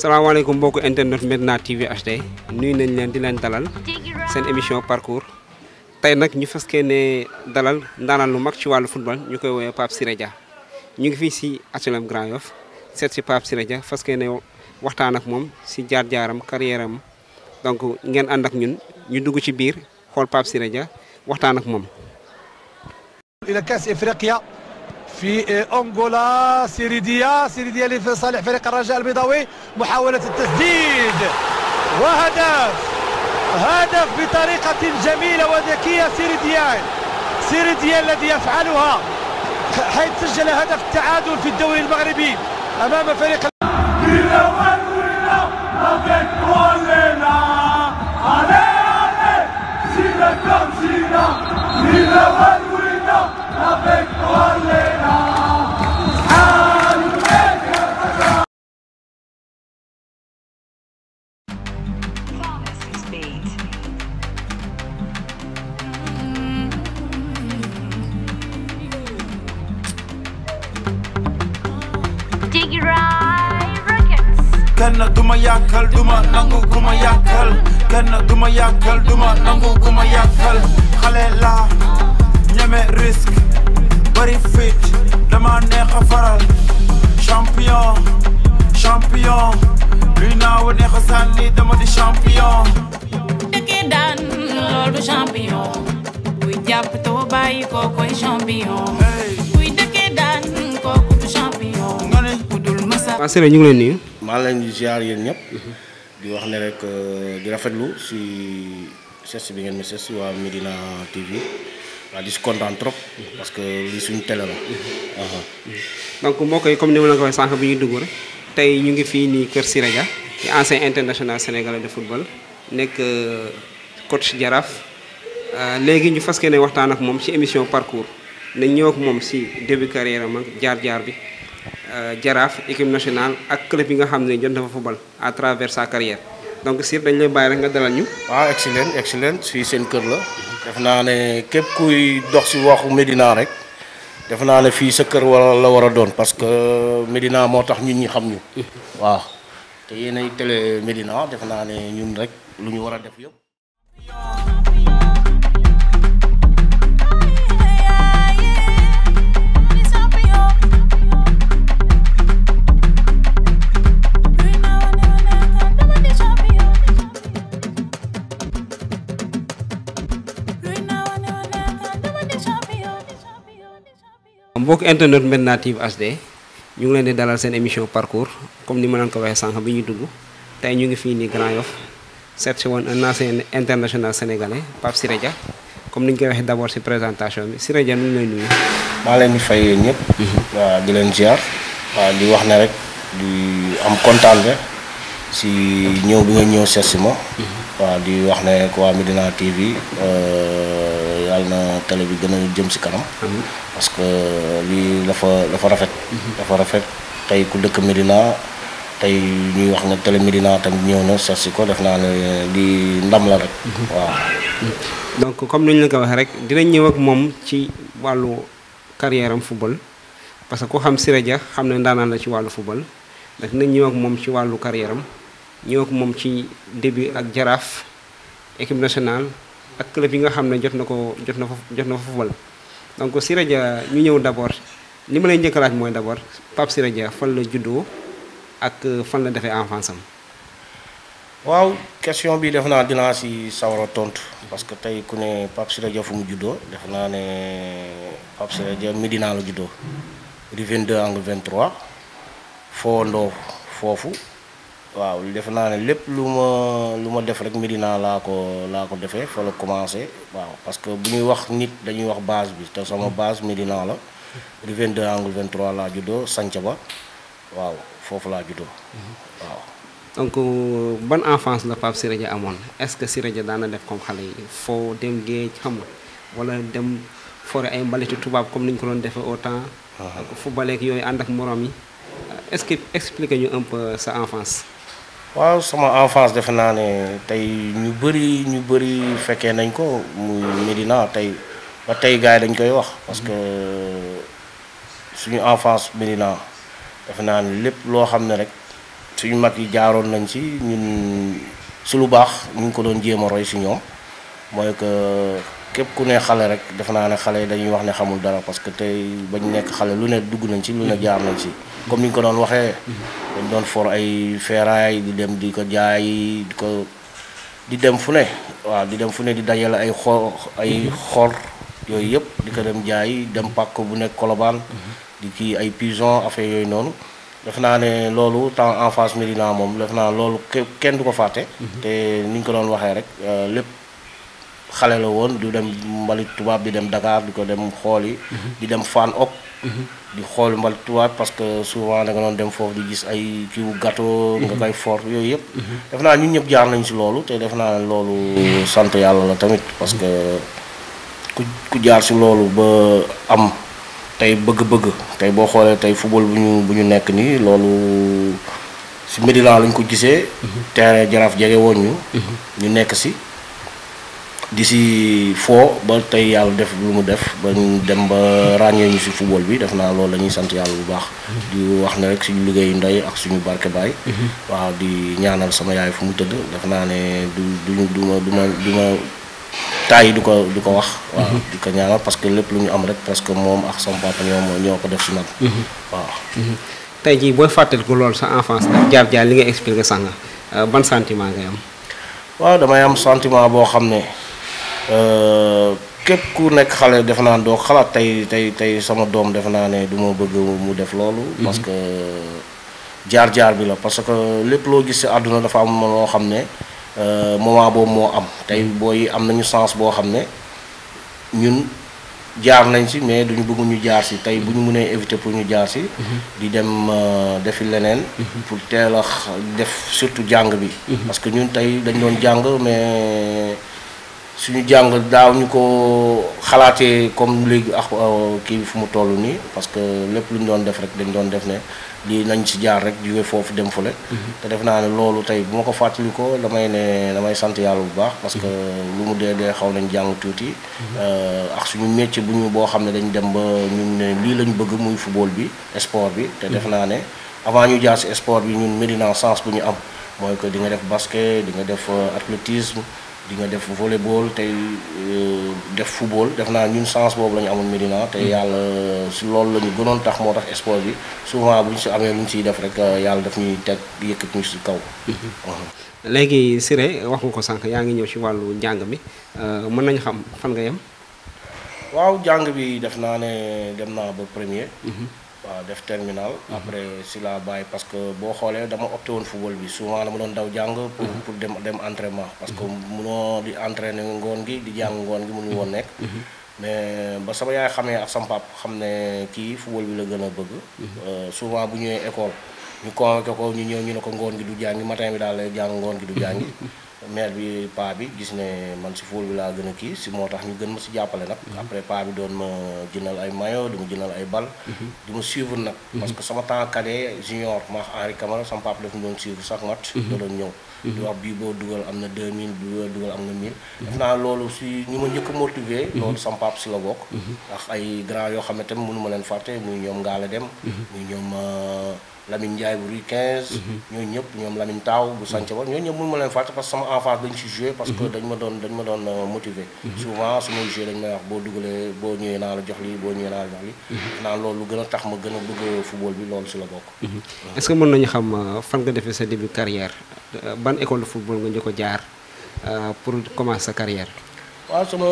salaamaaleykum mbokki internet Medina TV HD nuyu nañ leen di leen dalal seen émission parcours tey nag ñu fas ne dalal ndaanaan lu mag ci wàllu football ñu koy woowee Pape Siré Dia ñu ngi fii si HLM Grand Yoff seet si Pape Siré Dia fas ne waxtaan ak moom si jaar-jaaram carrière donc ngeen ànd ak ñun ñu dugg ci biir xool Pape Siré Dia waxtaan ak moom. في أنغولا سيريديا سيريديا لصالح فريق الرجاء البيضاوي محاولة التسديد وهدف هدف بطريقة جميلة وذكية سيريديان سيريديا الذي يفعلها حيث سجل هدف التعادل في الدوري المغربي أمام فريق Avec kenn duma yàkkal duma nangu ku yàkkal kenn duma yàkkal duma nangu ku yàkkal xale laa ñeme risque bari fit dama neex a faral champion champion luy naaw neex a sànni dama di champion dëkkee daan loolu champion kuy jàpp too bàyyi koo champion kuy dëkkee daan kooku du champion nga ne ku dul mësa waa Sebe ñu ngi maa ngi leen di ziar yéen ñëpp. di wax ne rek euh, di rafetlu si ses bi ngeen ma ses waa Medina TV. waaw di si kontaan trop. parce que lii suñu télé la. donc moo comme ni ma la ko waxee sànq bi ñuy dugg rek tey ñu ngi fii nii Kër Siré Dia di ancien international sénégalais de football nekk euh, coach Jaraaf. Euh, léegi ñu fas ne waxtaan ak moom ci émission parcours ne ñëw ak moom si début carrière am ak jaar-jaar bi. Euh, Jaraaf équipe nationale ak club yi nga xam ne jot na fa football à travers sa carrière donc Sir dañ lay bàyyi rek nga dalal ñu. waaw excellent excellent fii seen kër la. def naa ne képp kuy dox si waxu Medina rek. def naa ne fii sa kër wala la war a doon parce que Medina moo tax ñun ñi xam ñu. waaw te yéenay télé Medina def naa ne ñun rek lu ñu war a def yëpp. mbokk internet Medina TV HD ñu ngi leen di dalal seen émission parcours comme ni ma leen ko waxee sànq bi ñu dugg tey ñu ngi fii nii Grand Yoff seet si woon un ancien international sénégalais Pape Siré Dia comme ni ñu koy waxee d' si présentation bi Siré Dia nu ñu lay nuyu. maa leen di fay yéen ñëpp. Mhm. di leen ziar. waaw di wax ne rek di am kontaan nga si ñëw bi nga ñëw seet si ma. Mhm. waaw di wax ne waa Medina TV. Euh, yàlla na télé bi gën a jëm si kanam. Mhm. parce que lii dafa dafa rafet. Mhm. dafa rafet tey ku dëkk Medina tey ñuy wax ne télé Medina tamit ñëw na seet si ko def naa ne lii ndam la rek. Mhm. waaw. donc comme ni ñu la ko waxee rek dina ñëw ak moom ci wàllu carrière am parce que ku xam Siré Dia xam ne ndaanaan ci wàllu football ndax dinañ ñëw moom ci wàllu carrière ak moom ci ak jaraaf équipe nationale. ak club yi nga xam ne jot na ko jot na fa jot na fa football donc Siré Dia ñu ñëw d' abord li ma lay njëkk a laaj mooy d' abord Pape Siré Dia fan la juddoo ak euh, fan la defee enfance am. waaw question bi def naa dinaa si sawar a tontu parce que tey ku ne Pape Siré Dia fu mu juddoo def naa ne Pape Siré Dia dinaa la juddoo. di vingt angle 23 foo ndoo foofu. waaw def naa ne lépp lu ma lu ma def rek dinaa laa ko laa ko defee fa la commencé waaw parce que bu ñuy wax nit dañuy wax base bi te sama base Médina la rue 22 angle 23 laa juddoo Santhiaba waaw foofu laa juddoo waaw. donc euh, ban enfance la Pape Siré Dia amoon est-ce que Siré Dia daan na def comme xale yi foo dem géej xam nga wala dem fore ay mbalitu tubaab comme ni ñu ko doon defee au temps. fu baleek yooyu ànd ak moroom yi est-ce que expliquer ñu un peu sa enfance. waaw sama enfance defe naa ne tey ñu bëri ñu bëri fekkee nañ ko muy Médina tey ba tey gars yi dañ koy wax parce que suñu enfance Médina defe naa ne lépp loo xam ne rek suñu mag yi jaaroon nañ si ñun si lu baax ñu ngi ko doon jéem a roy si ñoom mooy que képp ku ne xale rek def naa ne xale dañuy wax ne xamul dara parce que tey bañ nekk xale lu ne dugg nañ ci lu ne jaar nañ ci comme ni ñu ko doon waxee dañ doon for ay feeraay di dem di ko jaay di ko di dem fu ne waaw di dem fu ne di dajale ay xo ay xor yooyu yëpp di ko dem jaay dem pàkk bu nekk kolobaan di kii ay pigeon affaire yooyu noonu def naa ne loolu temps en face Médina moom def naa loolu kenn du ko fàtte mhm. te ni ñu ko doon waxee rek euh, lépp xale la woon du dem mbalit tubaab di dem dakaar di ko dem xooli mhm. di dem fan ok mhm. di xool mbalit tubaab parce que souvent da nga doon dem foofu di gis ay kiiwu gâteau mhm. nga koy fort yooyu yëpp def naa ñun ñëpp jaar nañ si loolu tey def naa loolu sant yàlla la tamit parce que ku ku jaar si loolu ba am tey bëgg-bëgg tey boo xoolee tey football bu ñu bu ñu nekk nii loolu si Médina lañ ko gisee terrain Jaraaf jege woon ñu ñu nekk si di si foo ba tey yàlla def lu mu def ba dem ba ràññee ñu si football bi def naa lool lañuy sant yàlla bu baax. di wax na rek suñu liggéeyu ndey ak suñu barke baay. waaw di ñaanal sama yaay fu mu tëdd def naa ne du du duma duma du ma du du ko du ko wax. waaw mhm. di ko ñaanal parce que lépp lu ñu am rek presque moom ak sama ñoo ko def si man. Mhm. waaw. Mhm. tey jii booy fàttaliku lool sa enfance ak jaar jaar li nga expliqué sànq euh, ban sentiment ngay am. waaw damay am sentiment boo xam ne. Euh, képp ku nekk xale defe naa doo xalaat tey tey tey sama doom defe naa ne du ma bëgg mu def loolu. Mhm. parce que jaar-jaar bi la parce que lépp loo gis si àdduna dafa am loo xam ne euh, moment boobu moo am tey booy am nañu sens boo xam ne ñun. jaar nañ si mais duñu bëgg ñu jaar si tey bu ñu mënee invité pour ñu jaar si. Mhm. di dem euh, defi leneen. Mhm. pour teel a def surtout jàng bi. parce ñun tey dañ doon jàng mais. suñu jàng daaw ñu ko xalaatee comme léegi ak euh, kii bi fu mu toll nii parce que lépp lu ñu doon def rek dañ doon def ne lii nañ si jaar rek jóge foofu dem fële. Mhm. te def naa ne loolu tey bu ko fàttali ko damay ne damay sant yàlla bu baax. parce que mhm. lu mu dee xaw nañ jàng tuuti. Mhm. Euh, ak suñu métier bu ñu boo xam ne dañ dem ba ñun lii lañ bëgg muy football bi sport bi. te def naa ne avant ñu jaar si sport bi ñun Médina sens bu ñu am mooy que di nga def basket di nga def euh, athlétisme. di nga def volleyball tey euh, def football def naa ñun chance boobu la ñu amoon Médina te mm-hmm. yàlla si loolu la ñu gënoon tax moo tax sport bi souvent bu ñu si amee lu ñu siy def rek euh, yàlla daf ñuy teg yëkkati ñu si kaw. Mm-hmm. léegi Siré wax nga ko sànq yaa ngi ñëw si wàllu njàng mi euh, mën nañu xam fan nga yem. waaw jàng bi def naa ne dem naa ba premier. Mm-hmm. waaw def terminal mhm. après si laa bàyyi parce que boo xoolee dama opté woon football bi souvent dama doon daw jàng pour mhm. pour dem dem entraînement parce que mhm. munoo di entraîner ngoon gi di jàng ngoon gi mënul woon nekk mais ba sama yaay xamee ak sama pap xam ne kii football bi la gën a bëgg euh, souvent bu ñëwee école ñu convoqué ko ñu ñëw ñu ne ko ngoon gi du jàngi matin bi daal lay jàng ngoon gi du jàngi maire bi paa bi gis ne man si fool laa gën a kii si moo tax ñu gën ma si jàppale nag mhm. après paa bi doon ma jëndal ay maillot di ma jëndal ay bal mhm. di ma suivre nag mhm. parce que sama temps cadet junior maax Henri Camara sama papa daf ñu doon suivre chaque match da doon ñëw di wax bii boo dugal am na 2000 bii du dugal am na 1000 def naa loolu si ñu ma njëkk a motiver loolu sama papa si la bokk ndax ay grand yoo xam ne tamit mënu ma leen fàtte muy ñoom Ngaala Dem muy ñoom euh, Lamine Ndiaye bu Rue 15. Mhm. ñooñu ñëpp ñoom Lamine Taaw bu Sanca ba ñooñu ñëpp mun ma leen fàtte parce que sama enfance dañ si joué. parce que mhm. dañ ma doon euh, motiver. Mhm. souvent su may dañ may wax boo dugalee boo ñëwee naa la jox lii boo ñëwee naa la jox lii. naan loolu gën a tax ma gën a bëgg football bi loolu si la bokk. est-ce que mën nañu xam euh, fan nga defee sa début carrière euh, ban école de football nga njëkk a jaar pour commencer sa carrière. waaw sama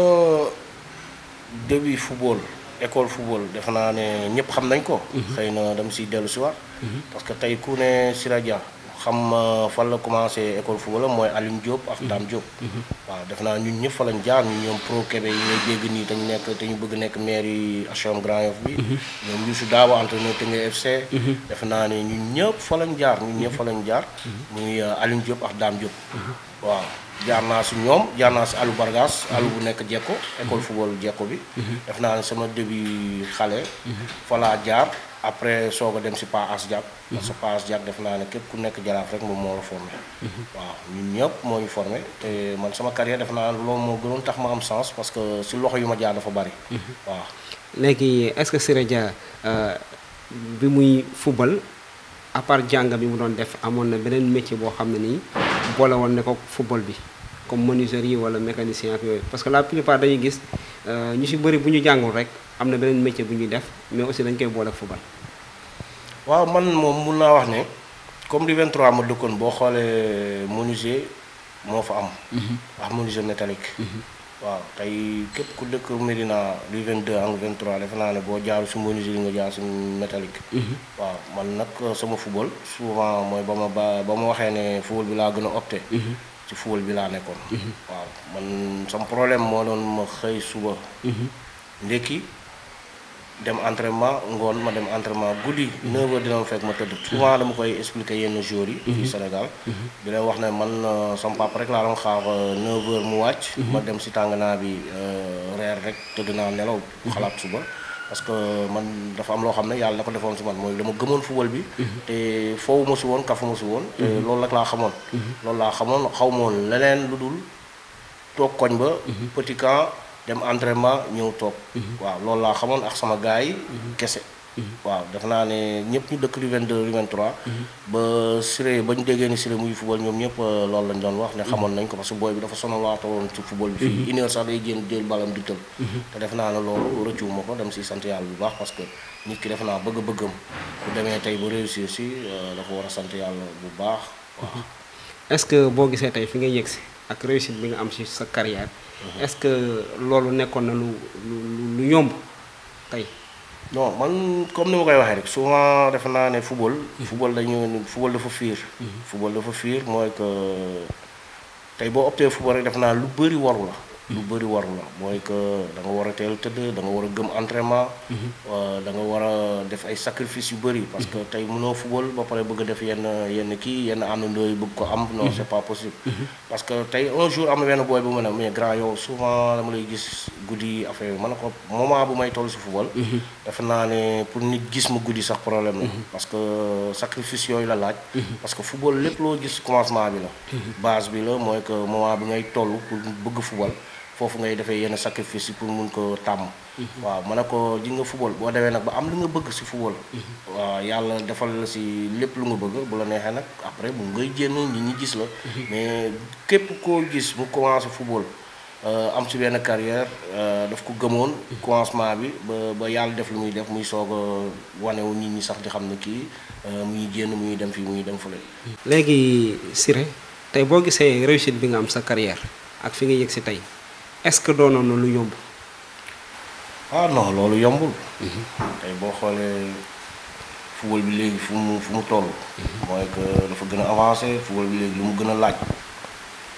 début football école football defe naa ne ñëpp xam nañ ko. xëy na dama dellu si Mhm. parce que tey ku ne Sira Dia xam ma euh, fan la commencé école football mooy Alim Diop ak mhm. Dame Diop. Mhm. waaw def naa ñun ñëpp fa lañ jaar ñu ñoom pro yi ngay nii dañu nekk te ñu bëgg nekk maire yi HLM Grand Yoff bi. ñoom Youssou Daawa entraîneur naa ne ñun ñëpp fa lañ jaar ñun ñëpp fa lañ jaar. muy euh, Alim Diop ak daam Diop. waaw jaar naa si ñoom jaar naa si Aliou Bargas. Aliou bu nekk Jekko école football Jekko bi. def naa ne sama début xale. fa laa jaar. après soog dem si Pa As Diak. Mhm. parce que Pa As Diak def naa ne képp ku nekk jaraaf rek moom moo la formé. Mhm. waaw ñun ñëpp moo ñu formé te man sama carrière def naa loolu moo gënoon tax ma am sens parce que si loxo yu ma jaar dafa bari. Mhm. waaw léegi est-ce que Siré euh, bi muy football à part jàng bi mu doon def amoon na beneen métier boo xam ne nii boole woon ne ko football bi. comme yi wala mécanicien ak yooyu parce que la plupart dañuy gis euh, ñu si bëri bu ñu jàngul rek am na beneen métier bu ñuy def mais aussi dañ koy boole ak football. waaw man moom mun naa wax ne comme di 23 ma dëkkoon boo xoolee menuisier moo fa am. wax mhm. menuisier métallique. Mhm. waaw tey képp ku dëkk Médina du 22 ak 23 defe naa ne boo jaaru si menuisier nga jaar si métallique. Mhm. waaw man nag euh, sama football souvent mooy ba ma ba ba ma waxee ne football bi gën a opté. ci football bi laa nekkoon. Mhm. waaw man sam problème moo doon ma xëy suba. Mhm. ndékki dem entraînement ngoon ma dem entraînement guddi. 9h mhm. dina ma fekk ma tëdd. souvent dama koy expliquer yenn jours yi. fii Sénégal. di leen wax ne man euh, sam papa rek laa doon xaar 9 euh, mu wàcc. ma dem si naa bi euh, reer rek tëdd naa nelaw. xalaat suba. parce que man dafa am loo xam ne yàlla na ko defoon si man mooy dama gëmoon football bi. te foofu ma su woon kafu ma si woon. Mhm. loolu nag laa xamoon. Mhm. loolu laa xamoon xaw ma woon leneen lu dul toog koñ ba. Mhm. petit camp dem entraînement ñëw toog. waaw loolu laa xamoon ak sama gars yi. kese. Mhm. waaw def naa ne ñëpp ñu dëkk Rue 22 Rue 23. ba Siré ba ñu déggee ni Siré muy football ñoom ñëpp euh, loolu lañ doon wax ne mhm. xamoon nañ ko parce que booy bi dafa sonal waatoon ci football bi. fii mhm. une heure sax day génn jël balam di tëb. def naa ne loolu rëccuwuma ko dem si sant bu baax parce que nit ki def naa bëgg-bëggam bu demee tey bu réussir si euh, dafa war a sant yàlla bu baax. waaw est-ce que boo gisee tey fi nga yegg si ak réussite bi nga am si sa carrière. est-ce que loolu nekkoon na lu lu lu yomb tey. non man comme ni ma koy waxee rek souvent defe naa ne football. Hmm. football dañu football dafa fiir. Hmm. football dafa fiir mooy que tey boo optee football rek defe naa lu bëri waru la. lu bëri waru la mooy que da nga war a teel tëdd da nga war a gëm entraînement. Mhm. Euh, da nga war a def ay sacrifice yu bëri. parce que mhm. tey mënoo football ba pare bëgg a def yenn yenn kii yenn àndandoo yi bëgg ko am. non mhm. c'est pas possible. parce que tey un jour am na benn booy bu ma ne mais grand yow souvent dama lay gis guddi affaire yi man ko moment bu may toll si football. defe naa ne pour nit gis ma guddi sax problème la. parce que sacrifice yooyu la laaj. parce que football lépp loo gis commencement bi la. base bi la mooy que moment bi ngay toll pour bëgg football. foofu ngay defee yenn sacrifice pour mun ko tàmm. Mhm. waaw ma ne ko ji nga football boo demee nag ba am li nga bëgg si football. Mhm. waaw yàlla defal la si lépp lu nga bëgg bu la neexee nag après bu ngay génn ñi ñi gis la. Mhm. mais képp koo gis mu commencé football. Euh, am si benn carrière euh, daf ko gëmoon commencement bi ba ba yàlla def lu muy def muy soog a wanewu nit ñi sax di xam ne kii euh, muy génn muy dem fii ñu dem fële. léegi Siré tey boo gisee réussite bi nga am sa carrière ak fi nga yëg si tey est-ce que doonoon na lu yomb. ah non loolu yombul. Mhm. tey boo xoolee football bi léegi fu mu fu mu toll. Mhm. mooy que dafa gën a avancé football bi léegi lu mu gën a laaj.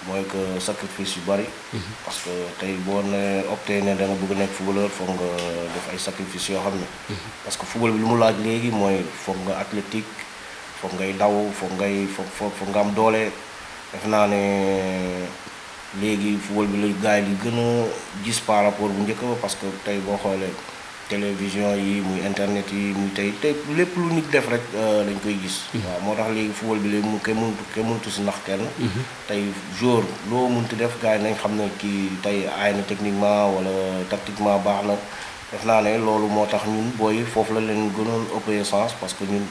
mooy que sacrifice yu bari. Mhm. parce que tey boo ne opté ne da nga bëgg nekk footballeur foog nga def ay sacrifice yoo xam ne. parce que football bi lu mu laaj léegi mooy foog nga athlétique foog ngay daw foog ngay foog foog nga am doole def naa ne. léegi football bi la gars yi gën a gis par rapport bu njëkk ba parce que tey boo xoolee télévision yi muy internet yi muy tey tey lépp lu nit def rek euh, dañ koy gis. Mm-hmm. waaw moo tax léegi football bi léegi mu kenn mëntu kenn si nax mm-hmm. tey jour loo mënti def gars yi nañ xam ne kii tey aay techniquement wala tactiquement baax na def naa ne loolu moo tax ñun booy foofu la leen gënoon ëppee sens parce que ñun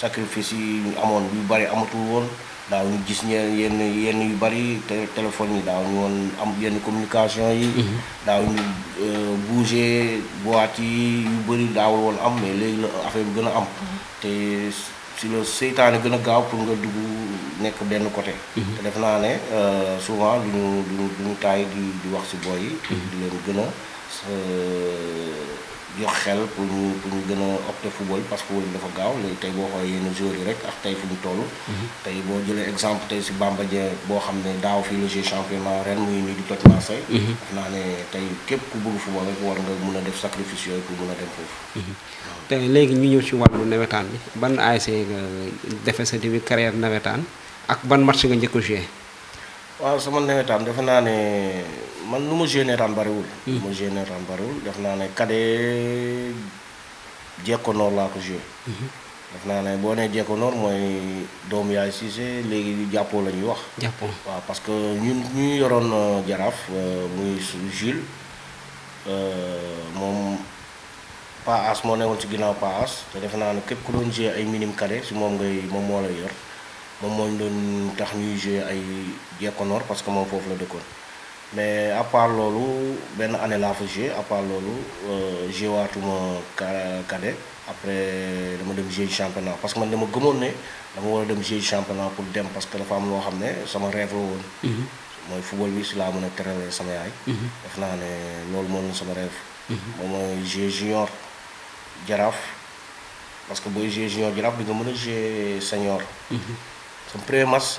sacrifice yi amoon yu bari amatul woon. daaw ñu gis ñeen yenn yenn yu bari te téléphones yi daaw ñu woon am yenn communication yi mhm. daaw ñu euh, bouger boîte yi yu bëri daawul woon am mais léegi la affaire bi gën a am mhm. te si la seytaane gën a gaaw pour nga dugg nekk benn côté mhm. te def naa ne euh, souvent du ñu du ñu taay di di wax si booy yi di leen gën a euh, jox xel pour ñu pour ñu gën a opter football parce que football bi dafa gaaw léegi tey boo xoolee yenn joueurs rek ak tey fu ñu toll. Mhm. tey boo jëlee exemple tey si Bamba Dieng boo xam ne daaw fi la joué championnat ren muy nii di toj Marseille. Mhm. daf ne tey képp ku bëgg football rek war nga mun a def sacrifice yooyu pour mun a dem foofu. Mhm. te léegi ñu ñëw ci wàllu nawetaan bi ban ASC nga defee sa début carrière nawetaan ak ban match nga njëkk a waaw sama nawetaan defe naa ne man lu ma génne ren bariwul. Hmm. lu ma génne bariwul def naa ne cadet jekkonoor laa ko joué. Hmm. def naa ne boo ne jekko jekkonoor mooy doomu yaay Cissé léegi jàppoo la ñuy wax. jàppoo waaw parce que ñun ñu yoroon euh, jaraaf euh, muy Jules euh, moom Paa As moo newoon ci ginnaaw Paa As te defe naa ne képp ku doon joué ay minime cadet si moom ngay moom moo lay yor. moom moo ñu loon tax ñuy jouer ay Diekonor parce que moom foofu la dëkkoon mais à part loolu benn année laa fa jouer à part loolu euh, jouer waatuma cadet après dama dem jouer championnat parce que man dama gëmoon ne dama war a dem jouer championnat pour dem parce que dafa am loo xam ne sama rêve la woon. Mhm. mooy football bi si laa mën a terale sama yaay. Mhm. def naa ne loolu moo doon sama rêve. Mhm. moom mooy jouer junior jaraaf parce que booy jouer junior jaraaf bi nga mën a jouer senior. sama premier match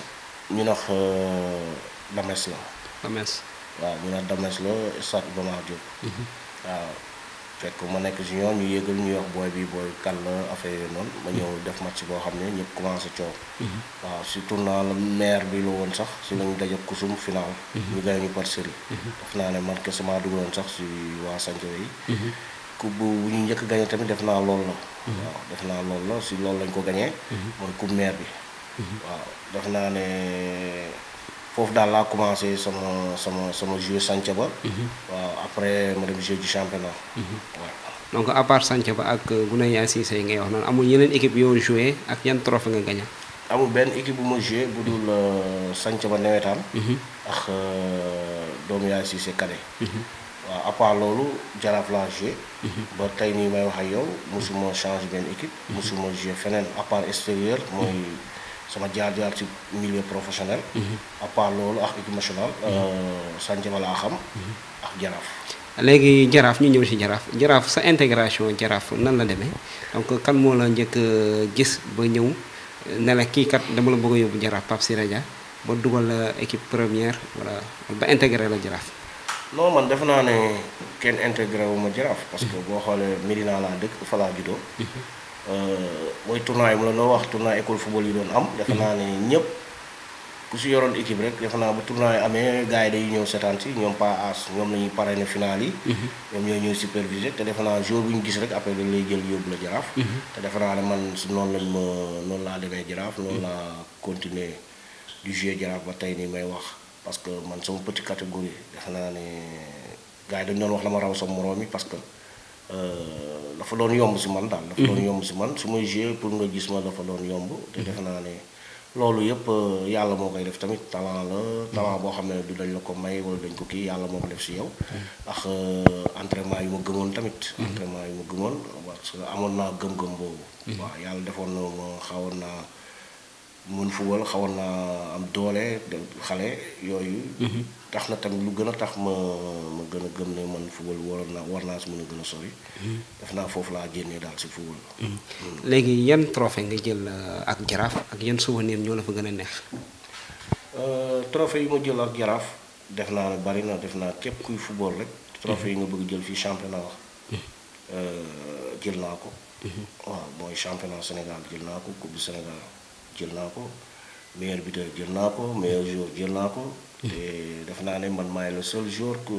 ñu nax euh, Dames la. Dames waaw ñu nax Dames la stade Iba Mar Diop. Mhm. waaw fekk ma nekk junior ñu yëgal ñuy wax booy bi booy kan la affaire noonu ma ñëw mhm. def match boo xam ne ñëpp commencé coow. Mhm. waaw si tournoi la maire bi la woon sax si lañu daje kusum final. ñu gagné ñu par série. def naa ne man kese maa dugaloon sax si waa Sancho yi. coupe bu ñu njëkk gañee tamit def naa lool la. waaw def naa loolu la si loolu lañ ko gañee mooy coupe maire bi. Mhm. waaw def naa ne foofu daal laa commencé sama sama sama jeu sànce ba. Mhm. waaw après ma dem jeu du championnat. waaw mhm. donc à part sànce ba ak Gounaye Cissé ngay wax noonu amul yeneen équipe yoo joué ak yan trophée nga gaña amul benn équipe bu ma joué bu dul euh, sànce ba nawetaan. ak euh, doomu yaay Cissé Kade. waaw à loolu jaraaf laa joué. ba tey nii may wax ak yow mosuma change benn équipe. mosuma joué feneen à part mooy. sama jaar-jaar ci milieu professionnel. Mhm. à part loolu ak équipe nationale. Sanjaba laa xam. ak jaraaf. léegi jaraaf ñu ñëw si jaraaf jaraaf sa intégration jaraaf nan la demee donc kan moo la njëkk gis ba ñëw ne kii kat dama la bëgg a yóbbu jaraaf Pape Siré Dia ba dugal la équipe première wala ba intégré la jaraaf. non man defe naa ne kenn intégré wu ma jaraaf. parce boo xoolee Medina laa dëkk fa laa juddoo. Mhm. Euh, mooy tournoi yi mu la noo wax tournoi école football yi doon am. Mm-hmm. defe naa ne ñëpp ku si yoroon équipe rek defe naa bu tournoi yi amee gars yi dañuy ñëw seetaan ñoom pas as ñoom la ñuy parrainer final yi. Mm-hmm. ñoom ñoo ñëw superviser te defe naa jour bu ñu gis rek après dañ lay jël yóbbu la jaraaf. Mm-hmm. te defe ne man su noonu lañ ma noonu laa demee jaraaf. noonu laa continuer du jouer jaraaf ba tey nii may wax parce que man sama petite catégorie defe naa ne gars yi dañu wax la ma raw sama moroom yi parce que. Euh, dafa doon yomb si man daal. dafa doon yomb si man su may joué pour nga gis ma dafa doon yomb. te defe naa ne loolu yëpp euh, yàlla moo koy def tamit talent la. talent boo xam ne du dañ la ko may wala dañ ko kii yàlla moo ko def si yow. ndax euh, entraînement yu ma gëmoon tamit. Mhm. entraînement yu ma gëmoon amoon naa gëm-gëm boobu. Mhm. waaw yàlla defoon na ma xawoon naa mën football xawoon naa am doole xale yooyu. Mhm. tax na tamit lu gën a tax ma ma gën a gëm ne man football waroon naa war naa si mën a gën a sori. Hmm. def naa foofu laa génnee daal si football. Hmm. Hmm. léegi yan trophée nga jël euh, ak jaraaf ak yan souvenir ñoo la fa gën a neex. Euh, trophée yi ma jël ak jaraaf def naa ne bari na def naa képp kuy football rek. trophée yi nga bëgg jël fii championnat euh, jël naa ko. waaw mooy championnat Sénégal jël naa ko coupe du Sénégal jël naa ko meilleur buteur jël naa ko meilleur joueur jël naa ko. et naa ne man maay le seul jour ku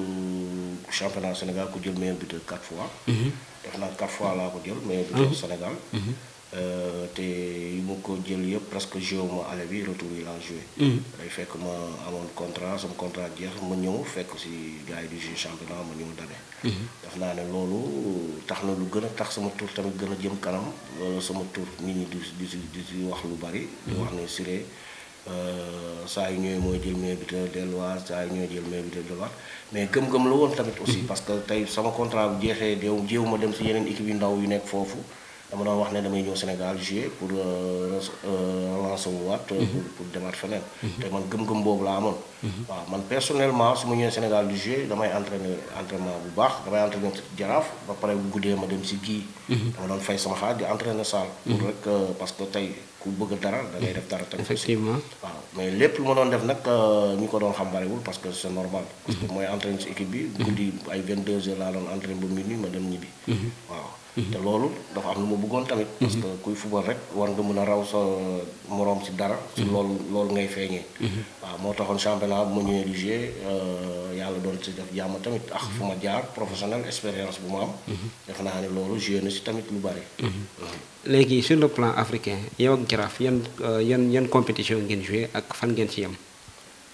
championnat Sénégal ku jël meilleur buteur quatre fois. Mhm. def naa quatre fois laa ko jël meilleur buteur ah. Sénégal. Mhm. Euh, te yi ma ko jël yëpp presque joué ma aller bi retour yi laa joué. Mhm. day fekk ma amoon contrat sama contrat jeex ma ñëw fekk si gars yi di joué championnat ma ñëw demee. def naa ne loolu tax na lu gën a tax sama tur tamit gën a jëm kanam sama tur nit ñi di di di wax lu bari. di wax ne Siré. Euh, saa yi ñëwee mooy jël meilleur buteur delluwaat saa yu ñëwee jël meilleur buteur delluwaat mais gëm-gëm la woon tamit aussi parce que tey sama contrat bu jeexee déew jéewu ma dem si yeneen équipe yu ndaw yu nekk foofu dama doon wax ne damay ñëw Sénégal jouer pour euh, euh, relancer wu waat pour demaat feneen mhm. te man gëm-gëm laa amoon mhm. waaw man personnellement su ma ñëwee Sénégal di damay entraîner entraînement bu baax damay entraîner jaraaf ba pare bu guddee ma dem si gii mhm. dama doon fay sama xaar di entraîner salle pour rek parce que tey ku bëgg dara da ngay def dara. effectivement waaw mais lépp lu ma doon def nag euh, ñu ko doon xam bariwul parce que c'est normal. parce mhm. que mooy entraîne si équipe bi. guddi ay 22 heures laa doon entraîne ba minuit ma dem ñibbi. Mhm. waaw. Mm-hmm. te loolu dafa am lu ma bëggoon tamit. Mm-hmm. parce kuy football rek war nga mën a raw sa moroom si dara. ci mm-hmm. loolu loolu ngay feeñee. waaw moo taxoon championnat bu ma ñëwee Ligier euh, yàlla doon ci def jàmm tamit ak fu ma jaar professionnel expérience bu ma am. def naa ne loolu joué na ci tamit lu bari. léegi sur le plan africain yow ak Jaraaf yan euh, yan yan compétition ngeen joué ak fan ngeen ci yem.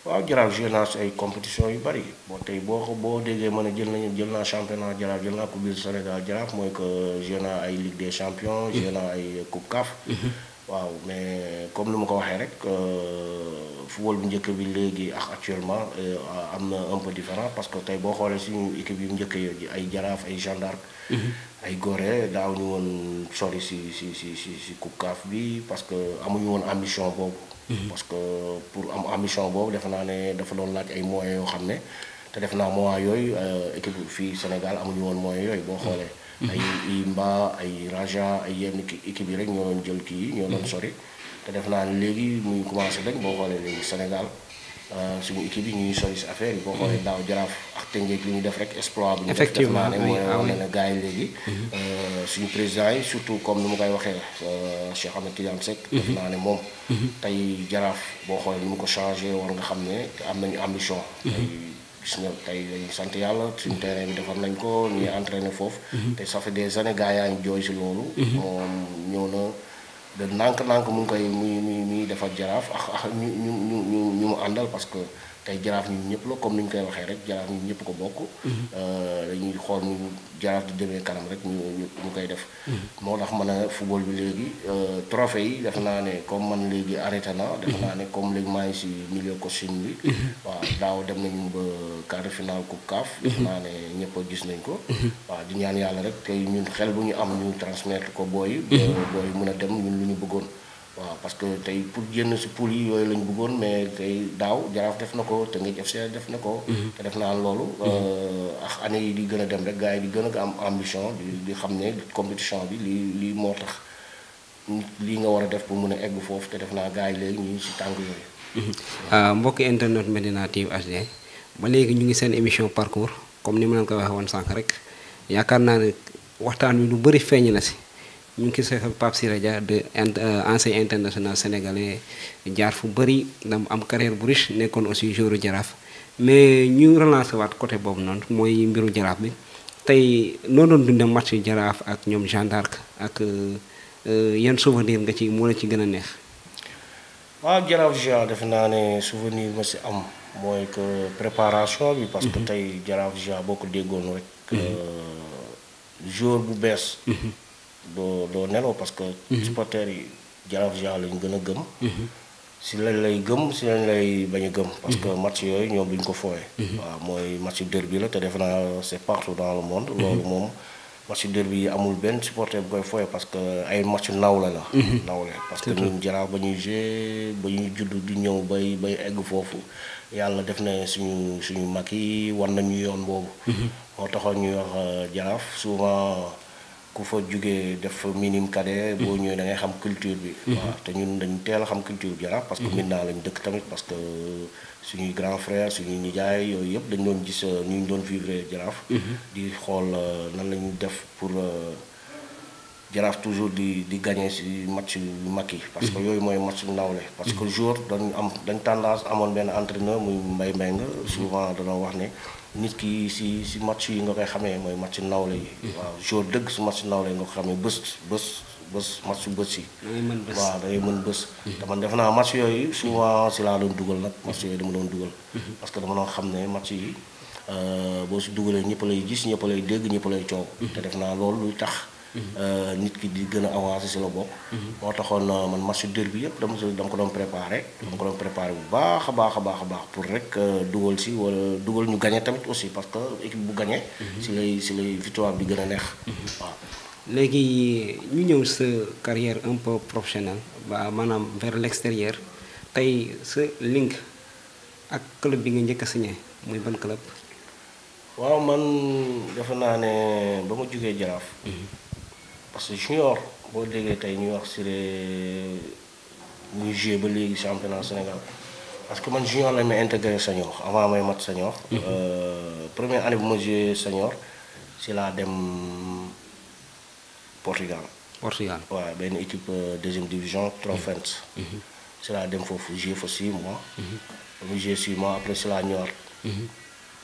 waaw jaraaf joué naa ay compétition yu bari bon tey boo ko boo déggee ma a jël nañu jël naa championnat jaraaf jël naa coupe du Sénégal jaraaf mooy que joué ay Ligue des champions. Mhm. joué ay coupe mhm. waaw mais comme ni ma ko waxee rek euh, football bu njëkk bi léegi ak actuellement euh, am na un peu différent parce que tey boo xoolee si suñu équipe yu njëkk yi ay jaraaf ay gendarme. Mhm. ay Gorée daaw ñu woon sori si si si si si coupe CAF bi parce que amuñu woon ambition boobu. Mm-hmm. parce que pour am ambition boobu defe naa ne dafa doon laaj ay moyens yoo xam ne te def naa moment yooyu euh, équipe fii Sénégal amuñu woon moyens yooyu boo mm-hmm. xoolee. ay Imba mm-hmm. ay Raja ay yenn équipe yi rek ñoo doon jël kii ñoo doon sori te def naa ne léegi muy commencé rek boo xoolee léegi Sénégal. Euh, suñu équipe yi ñuy sori si affaire yi boo mm-hmm. xoolee daaw jaraaf ak tëngeeg li ñu def rek exploit bu ñu def def ah na gars yi mm-hmm. euh, suñu président yi surtout comme ni ma koy waxee euh, Cheikh Ahmed Tidiane Seck def mm-hmm. naa ne moom tey jaraaf boo xoolee ni mu ko changé war nga xam ne am nañu ambition gis nga tey dañuy sant yàlla suñu terrain bi defar nañ ko ñuy entraîné foofu te ça fait des années gars yaa ngi jooy si loolu moom ñëw na de nànk-nànk mu ngi koy mu muy muy defar jaraaf ak ak ñu ñu ñu ñu mu àndal parce que tey jaraaf ñun ñëpp la comme ni ñu koy waxee rek jaraaf ñun ñëpp ko bokk. Mm-hmm. Euh, dañuy xool ñu jaraaf di demee kanam rek ñu ñu koy def. Mm-hmm. moo tax man a football bi léegi euh, trophée yi def naa ne comme man léegi arrêté naa. def mm-hmm. naa ne comme léegi maa ngi si milieu bi. waaw daaw dem nañu ba quart de finale coupe CAF. def naa ne ñëpp gis nañ ko. waaw di ñaan yàlla rek tey ñu xel bu ñu am ñu transmettre ko booy. booy mën a dem ñun lu ñu bëggoon. waaw parce que tey pour génn si poule yi yooyu lañ bëggoon mais tey daaw jaraaf def na ko te nga FC def na ko. Mhm. te def naa loolu. Mhm. Euh, ak année yi di gën a dem rek gars yi di gën a am ambition di xam ne compétition bi lii lii moo tax lii nga war a def pour mun a egg foofu te def naa gars yi léegi ñu ngi si tàng yooyu. Mhm. Euh, mbokki internet Medina TV HD ba léegi ñu ngi seen émission parcours comme ni ma leen koy waxee woon sànq rek yaakaar naa ne waxtaan wi lu bëri feeñ na si. ñu ngi koy seqal Pape Siré Dia de euh, ancien international sénégalais jaar fu bëri dam am carrière bu riche nekkoon aussi joueur jaraaf mais ñu relancé waat côté boobu noonu mooy mbiru jaraaf bi tey noo doon dundee match jaraaf ak ñoom Jeanne ak euh, euh, yan souvenir nga ci moo la ci gën a neex. waaw jaraaf ja defe naa ne souvenir ma si am mooy que préparation bi. parce que mhm. tey jaraaf ja boo ko déggoon rek. Mhm. jour bu bees. Mhm. doo doo nelaw parce que. Mhm. supporters yi Jaraaf Jaraaf lañ gën a gëm. Mhm. si lañ lay gëm si lañ lay bañ gëm. parce que mhm. match yooyu ñoom duñ ko fooye. waaw mooy match derby la te defe naa c'est partout dans le monde. loolu moom match derby yi amul benn supporter bu koy fooye parce que ay match nawle la. nawle parce que ñun Jaraaf ba ñuy joué ba ñuy judd di ñëw bay bay egg foofu yàlla def na suñu suñu mag yi war nañu yoon boobu. moo taxoon ñuy wax euh, Jaraaf souvent. ku fa jógee def minime cadet. boo mhm. ñëwee da ngay xam culture bi. Mhm. waaw te ñun dañ teel a xam culture bi Jaraaf. parce que maintenant mhm. lañu dëkk tamit parce que suñuy grand frère suñuy nijaay yooyu yëpp dañu doon gis ni euh, ñu doon vivre Jaraaf. di xool euh, nan la ñuy def pour. Euh, jaraaf toujours di di gagné si match yu mag yi. parce que yooyu mooy match bu nawle. parce que jour dañu am dañ tendance amoon benn entraîneur muy Mbaye Mbengue souvent danoo wax ne. nit ki si si match yi nga koy xamee mooy match nawle yi. Mm-hmm. waaw jour dëgg si match nawle yi nga ko xamee bës bës bës match bës yi. waaw da ngay mën bés. Mm-hmm. te man naa match yooyu souvent si laa doon dugal nag match yooyu dama doon dugal. Mm-hmm. parce que dama doon xam ne match yi euh, boo si dugalee ñëpp lay gis ñëpp lay dégg ñëpp lay coow. te def naa loolu luy tax. Euh, nit ki di gën a avancé si la bopp. Mhm. moo taxoon euh, man match derby bi yëpp dama si dama ko doon préparé. Mhm. dama ko doon préparé bu baax a baax a baax a baax pour rek euh, dugal si wala dugal ñu gagné tamit aussi parce que équipe bu gagné. si mhm. lay si lay victoire bi gën a neex. léegi ñu ñëw sa carrière un peu professionnelle ba maanaam vers l' tey sa link ak club bi nga njëkk a signé muy ban club. waaw man defe naa ne ba ma jógee Jaraaf. parce que junior boo déggee tey ñuy wax si ñuy joué ba léegi championnat Sénégal parce que man junior lañ ma intégré senior avant may mat senior. Mhm. Euh, première année bu ma joué senior si laa dem Portugal. Portugal waaw benn équipe euh, deuxième division Trofense. Mhm. Mhm. si laa dem foofu joué fa six mois. ba mu joué après si laa ñëwaat.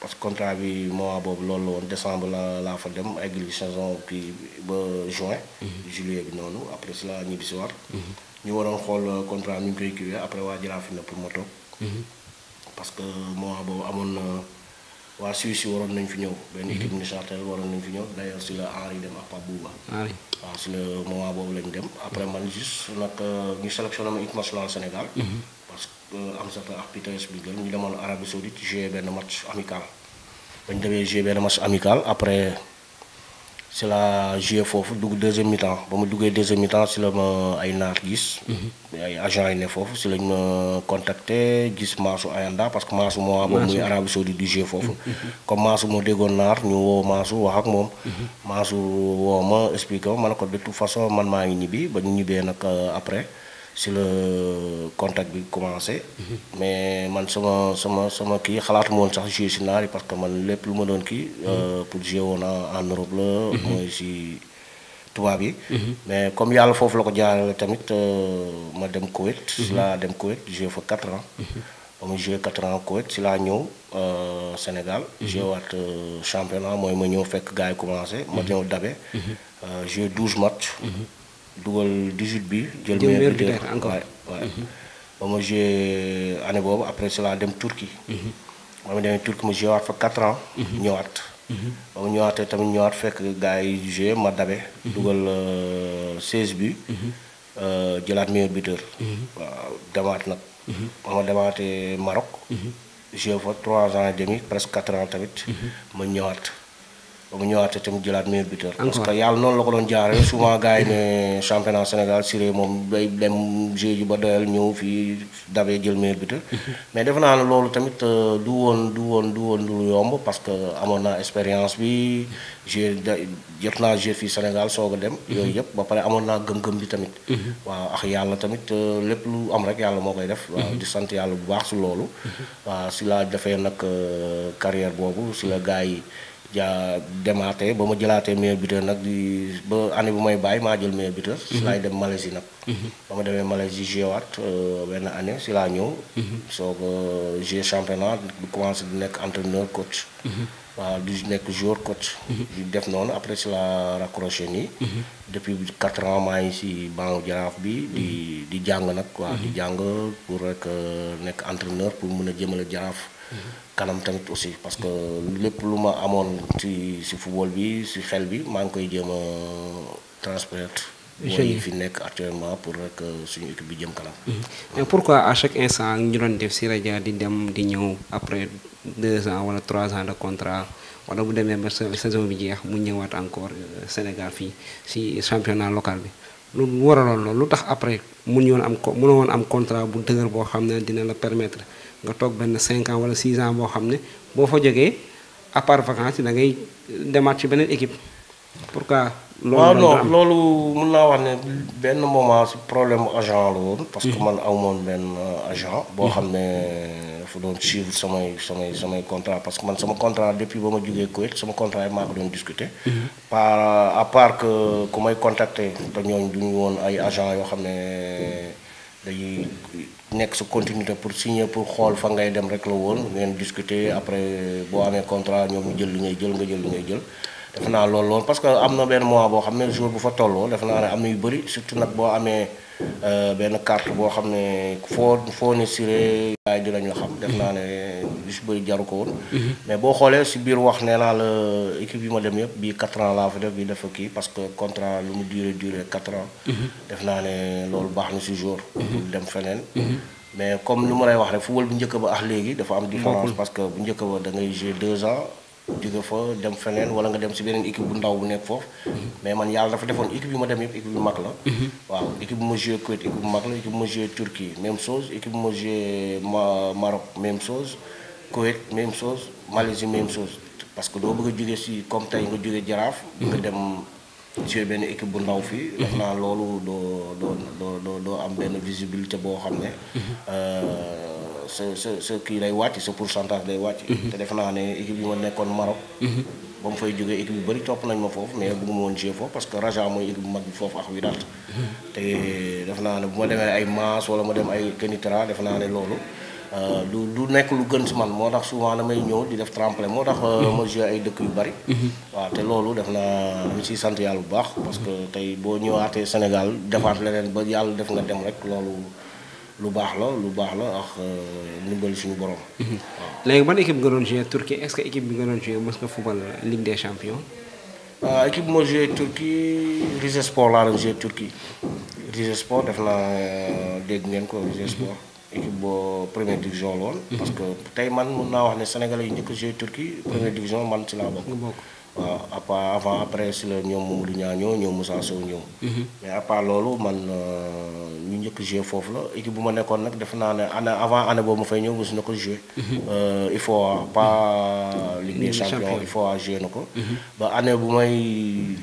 parce que contrat bi moment boobu loolu la woon décembre la laa fa dem eggali saison bi ba juin. Mhm. juillet bi noonu après si la ñibbi si war. Mhm. ñu waroon xool euh, contrat ñu ngi koy après waa Jaraaf fi na pour ma mhm. parce que moment boobu amoon na waa Suisse waroon nañ fi ñëw. benn équipe Neuchâtel waroon nañ fi ñëw d'ailleurs si la Henri dem ak Pape Bouba. waaw si le moment boobu lañ dem. après man juste nag euh, ñu sélectionné ma équipe Sénégal. parce que Amsata ak Peters bi ñu demoon Arabie Saoudite joué benn match amical bañ demee joué benn match amical après si la joué foofu dugg deuxième mi ba ma duggee deuxième mi si la ma ay naat gis. Mhm. agent yi ne foofu si lañ ma contacter gis Maasu Ayanda parce que Maasu moo amoon muy Arabie Saoudite di joué foofu. Mhm. Mhm. comme Maasu moo déggoon naat ñu woo Maasu wax ak moom. Maasu woo ma expliqué ma ne ko de toute façon man maa ngi ñibbi ba ñu nag euh, après. si la contact bi commencé. Mhm. mais man sama sama sama kii xalaatuma woon sax jouer si naar yi parce que man lépp lu ma doon kii. Mhm. Euh, pour jouer woon en Europe la. Mhm. mooy si tubaab yi. mais comme yàlla foofu la ko jaarale tamit euh, ma dem Koweït. si laa dem Koweït jouer fa 4 ans. ba ma jouer 4 ans si laa ñëw euh, Sénégal. jouer waat championnat mooy ma ñëw fekk gars yi commencé. ma ñëw dabe. jouer 12 matchs. dugal 18 bi. jël meilleur buteur encore mhm. ba ma joué année boobu après laa dem Turquie. Mhm. ba ma demee ma joué waat fa 4 ans. Mhm. ñëwaat. ba ma ñëwaatee tamit ñëwaat fekk gars yi ma dabe. dugal 16 euh, bi. Euh, jëlaat meilleur buteur. waaw demaat nag. ba ma demaatee Maroc. joué fa 3 ans et demi presque 4 ans tamit. ma ñëwaat. ba mu ñëwaatee tamit jëlaat meilleur buteur. parce que yàlla noonu la ko doon jaaree souvent gars ne championnat Sénégal Siré moom day dem jeu ji ba doyal ñëw fii dabee jël meilleur buteur. mais defe naa ne loolu tamit euh, du woon du woon du woon lu yomb parce que amoon naa expérience bi jeu jot naa jeu fii Sénégal soog a dem. Mm-hmm. yooyu yëpp ba pare amoon naa gëm-gëm bi tamit. Mm-hmm. waaw ak yàlla tamit euh, lépp lu am rek yàlla moo koy def. Mm-hmm. di sant yàlla bu baax si loolu. waaw si laa defee nag euh, carrière boobu si la yi. jaa demaate ba ma jëlaatee meilleur buteur nag di ba année bu may bàyyi maa jël meilleur buteur. si mhm. laay dem Malaisie nag. Mhm. ba ma demee Malaisie joué euh, waat benn année si laa ñëw. soo ko joué championnat du commencé di nekk entraîneur coach. Mhm. waaw di nekk joueur coach. di def noonu après si la raccroché nii. depuis quatre ans maa si banque jaraaf bi. di di jàng nag. waaw di jàng pour rek euh, nekk entraîneur pour mun a jëmale jaraaf. kanam tamit aussi parce que lépp lu ma amoon ci ci football bi ci xel bi maa ngi koy jéem a transmettre. mooy fi nekk actuellement pour rek euh, suñu équipe bi jëm kanam. Mhm. mais pourquoi à chaque instant ñu doon def si rajo di dem di ñëw après deux ans wala trois ans de contrat wala bu demee ba saison bi jeex mu ñëwaat encore euh, Sénégal fii si championnat local bi. lu waraloon loolu lu tax après mu ñu woon am ko mënoo woon am contrat bu dëgër boo xam ne dina la permettre. nga toog benn cinq ans wala 6 ans boo xam ne boo fa jógee à part vacance da ngay demaat ci beneen équipe pour que. loolu non loolu mën naa wax ne benn moment su problème agent la woon. parce que hmm. man aw moon benn euh, agent. boo hmm. xam ne dafa doon suivre samay samay samay contrat parce que man sama contrat depuis ba ma jógee Koweït sama contrat yi maa doon discuter. Hmm. par à part que ku may contacter te ñooñu woon ay agent yoo xam ne. dañuy nekk sa continuité pour signer pour xool fa ngay dem rek la woon ngeen discuter après boo amee contrat ñoom jël li ngay jël nga jël li ngay jël def naa loolu loolu parce que am na benn mois boo xam ne jour bu fa tolloo def naa ne am na yu bëri surtout nag boo amee euh, benn carte boo xam ne foo foo ne siré yaay dinañ la xam def naa ne lu si bëri jaru ko woon mhm. mais boo xoolee si biir wax nee naa la équipe yi ma dem yëpp bii quatre ans laa fa def bii dafa kii parce que contrat lu mu duré duré quatre ans mhm. def naa ne loolu baax na si jour mhm. dem feneen mais comme lu ma lay wax rek football bu njëkk ba ax léegi dafa am différence parce que bu njëkk ba da ngay jouer deux ans jóge fa dem feneen wala nga dem si beneen équipe bu ndaw bu nekk foofu mais man yàlla dafa defoon équipe bi ma dem yëpp équipe bu mag la waaw équipe bu ma joué bu mag la équipe bu ma joué Turquie même chose équipe bu ma joué Maroc même chose Kuwait même chose Malaisie même chose parce que doo bëgg a jóge si comme tey nga jóge Jaraaf nga dem joué benn équipe bu ndaw fii def naa loolu doo doo doo doo doo am benn visibilité boo xam ne euh, sa sa sa kii lay wàcc sa pourcentage lay wàcc. Mhm. te def naa ne équipe yi ma nekkoon Maroc. Mhm. ba mu fay jógee équipe yu bëri topp nañ ma foofu mais bëgguma woon jouer foofu parce que Raja mooy équipe bu mag bi foofu ak wi daal. Mhm. te def naa ne bu ma demee ay Maas wala ma dem ay Kenitra def naa ne loolu. Euh, du du nekk lu gën su man moo tax souvent damay ñëw di def tremplin moo tax euh, ma joué ay dëkk yu bari. waaw te loolu def naa ñu ciy sant yàlla bu baax. parce que tey boo ñëwaatee Sénégal defaat leneen ba yàlla def nga dem rek loolu. lu baax la lu baax la ak euh, ndimbal suñu borom. waaw léegi ban équipe nga doon joué Turquie est-ce que équipe bi nga doon joué mos nga football Ligue des champions. waaw euh, équipe bi ma joué Turquie Rize Sport laa doon joué Turquie Rize Sport def naa euh, dégg ngeen ko Rize mhm. Sport. équipe boo première division la mhm. parce que tey man mën naa wax ne Sénégalais yi njëkk a joué Turquie. première mhm. division man ci laa bokk. waaw euh, à part avant après si la ñoom lu Niaño ñoom Moussa Sow ñëw. Mhm. mais à part loolu man euh, ñu njëkk joué foofu la équipe bu ma nekkoon nag def naa ne année avant année boobu ma fay ñëw mosu na ko joué. Mhm. Euh, il faut pas Ligue des champions il faut joué na ko. Mhm. ba année bu may